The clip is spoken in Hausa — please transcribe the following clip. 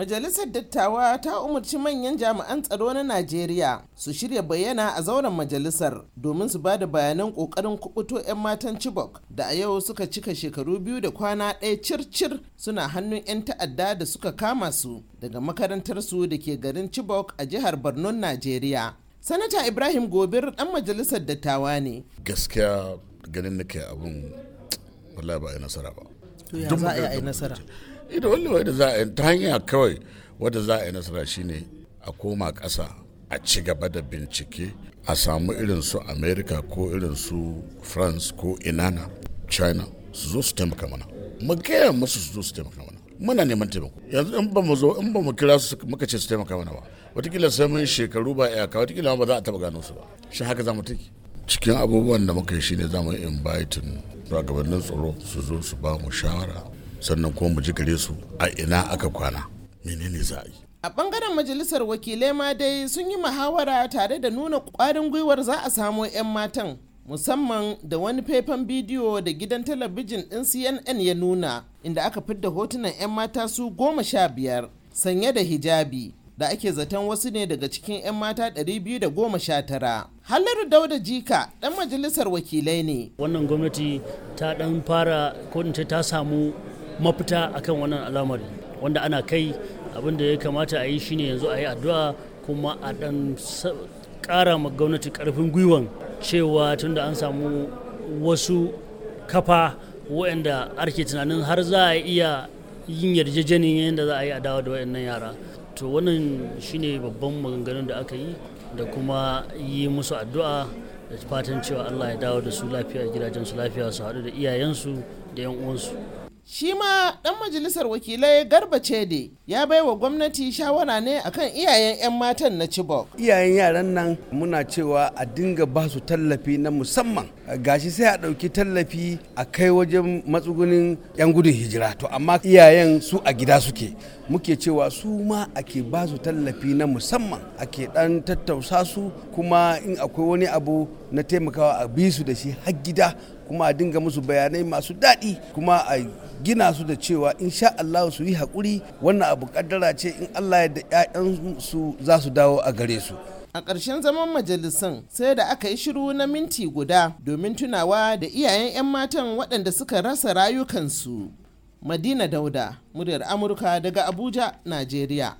Majalisar Dattawa ta umarci manyan jami'an tsaro na Najeriya su shirya bayyana a zauren majalisar domin su ba da bayanan kokarin kubuto 'yan matan Chibok da a yau suka cika shekaru biyu da kwana ɗaya cir-cir suna hannun 'yan ta'adda da suka kama su daga makarantar su da ke garin Chibok a jihar Borno, Najeriya. Sanata Ibrahim Gobir ɗan majalisar dattawa ne. Gaskiya ganin nake abun wallahi ba a yi nasara ba. To ya za a yi nasara? ita eh, wanda wadda za a ta hanya kawai wadda za a yi nasara shine a koma ƙasa a ci gaba da bincike a samu irin su america ko irin su france ko inana china su zo su taimaka mana mu gaya musu su zo su taimaka mana muna neman taimako yanzu in ba mu zo in ba mu kira su muka ce su taimaka mana ba watakila sai mun shekaru ba iyaka watakila ba za a taba gano su ba shi haka za mu take cikin abubuwan da muka yi shine za mu inviting shugabannin tsaro su zo su ba mu shawara sannan kuma mu ji gare su a ina aka kwana menene za a yi a bangaren majalisar wakilai ma dai sun yi muhawara tare da nuna kwarin gwiwar za a samo 'yan matan musamman da wani faifan bidiyo da gidan talabijin ɗin cnn ya nuna inda aka fidda hotunan 'yan mata su goma sha biyar sanye da hijabi da ake zaton wasu ne daga cikin 'yan mata 219 halaru dauda jika dan majalisar wakilai ne wannan gwamnati ta dan fara ko ta samu mafita akan wannan al'amari wanda ana kai abin da ya kamata a yi shine yanzu a yi addu'a kuma a dan kara ma gwamnati karfin gwiwan cewa tunda an samu wasu kafa waɗanda ake tunanin har za a iya yin yarjejeniyan yadda za a yi a dawo da waɗannan yara to wannan shine babban maganganun da aka yi da kuma yi musu addu'a da fatan cewa allah ya dawo da su lafiya gidajensu lafiya su haɗu da iyayensu da 'yan uwansu Shi ma ɗan majalisar wakilai Garba Cede ya baiwa gwamnati shawara ne akan iyayen 'yan matan na Chibok. Iyayen yaran nan muna cewa a dinga ba su tallafi na musamman. Gashi sai a ɗauki tallafi a kai wajen matsugunin 'yan gudun hijira. To amma iyayen su a gida suke. Muke cewa su ma ake ba su tallafi na musamman. Ake ɗan tattausa su kuma in akwai wani abu na taimakawa a bi su da shi har gida kuma a dinga musu bayanai masu daɗi kuma a gina su da cewa insha Allah su yi haƙuri wannan abu kaddara ce in Allah ya da su za su dawo a gare su. a ƙarshen zaman majalisan sai da aka yi shiru na minti guda domin tunawa da iyayen 'yan matan waɗanda suka rasa rayukansu madina dauda muryar amurka daga abuja najeriya